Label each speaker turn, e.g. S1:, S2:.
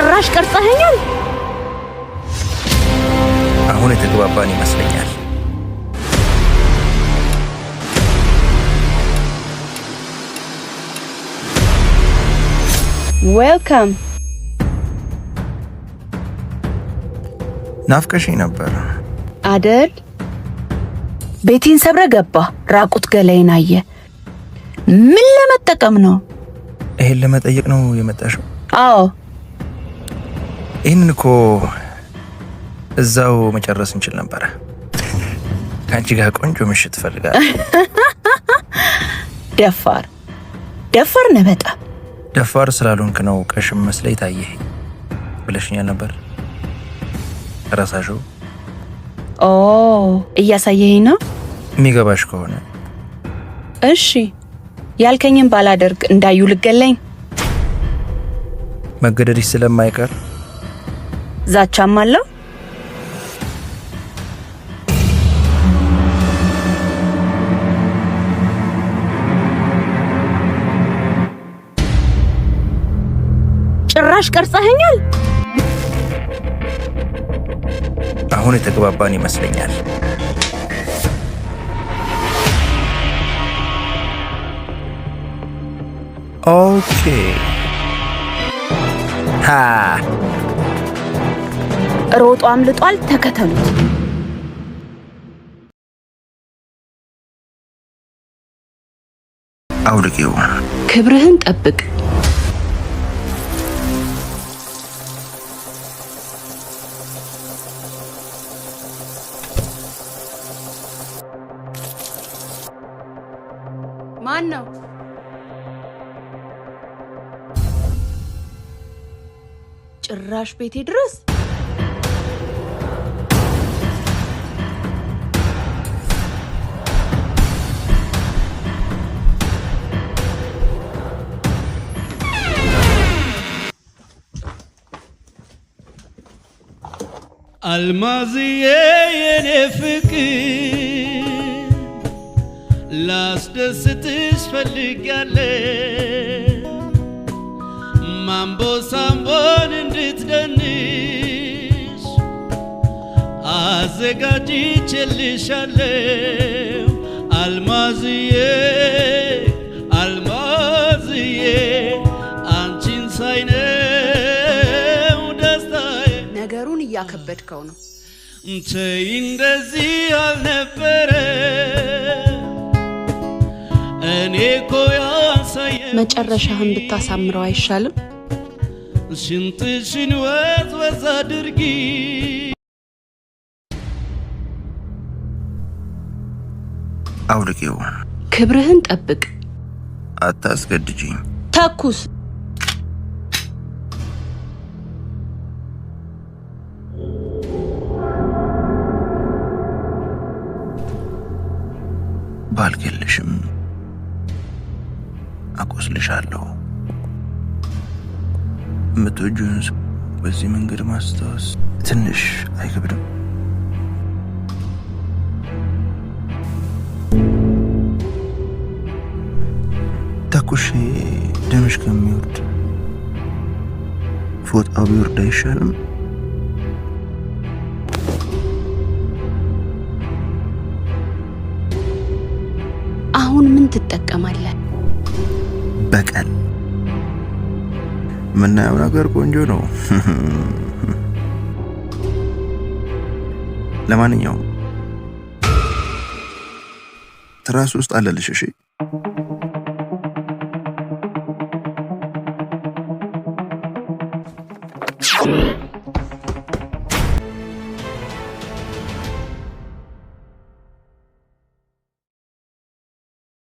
S1: ጭራሽ ቀርጸኸኛል።
S2: አሁን የተግባባን ይመስለኛል። ዌልካም። ናፍቀሽኝ ነበር
S1: አደል? ቤቴን ሰብረ ገባ። ራቁት ገላይን አየ። ምን ለመጠቀም ነው?
S2: ይሄን ለመጠየቅ ነው የመጣሽው? አዎ ይህንን እኮ እዛው መጨረስ እንችል ነበረ። ከአንቺ ጋር ቆንጆ ምሽት ፈልጋለሁ።
S1: ደፋር ደፋር ነህ በጣም
S2: ደፋር ስላልሆንክ ነው ቀሽም መስለህ ታየህ ብለሽኛል ነበር። ረሳሽው?
S1: ኦ እያሳየኸኝ ነው።
S2: የሚገባሽ ከሆነ
S1: እሺ። ያልከኝን ባላደርግ እንዳዩ ልገለኝ
S2: መገደድሽ ስለማይቀር
S1: ዛቻም አለው። ጭራሽ ቀርጸኸኛል።
S2: አሁን የተግባባን ይመስለኛል። ኦኬ
S1: ሮጦ አምልጧል። ተከተሉት። አውልቂው። ክብርህን ጠብቅ። ማን ነው? ጭራሽ ቤቴ ድረስ
S3: አልማዝዬ የኔ ፍቅር ላስደስትሽ ፈልጊያለ ማምቦ ሳምቦን እንድትደንሽ አዘጋጅቼልሻለሁ አልማዝዬ
S1: እያከበድከው ነው።
S3: እንተይ እንደዚህ አልነበረ እኔ እኮ ያሳየ
S1: መጨረሻህን ብታሳምረው አይሻልም?
S3: ሽንትሽን ወዝ አድርጊ።
S2: አውልቂው።
S1: ክብርህን ጠብቅ።
S2: አታስገድጂኝ። ተኩስ ባልክ የለሽም፣ አቆስልሻለሁ። የምትወጂውን ሰው በዚህ መንገድ ማስታወስ ትንሽ አይከብድም? ተኩሼ ደምሽ ከሚወርድ ፎጣው ቢወርድ አይሻልም?
S1: አሁን ምን ትጠቀማለህ?
S2: በቀል ምናየው ነገር ቆንጆ ነው። ለማንኛውም ትራስ ውስጥ አለልሽ። እሺ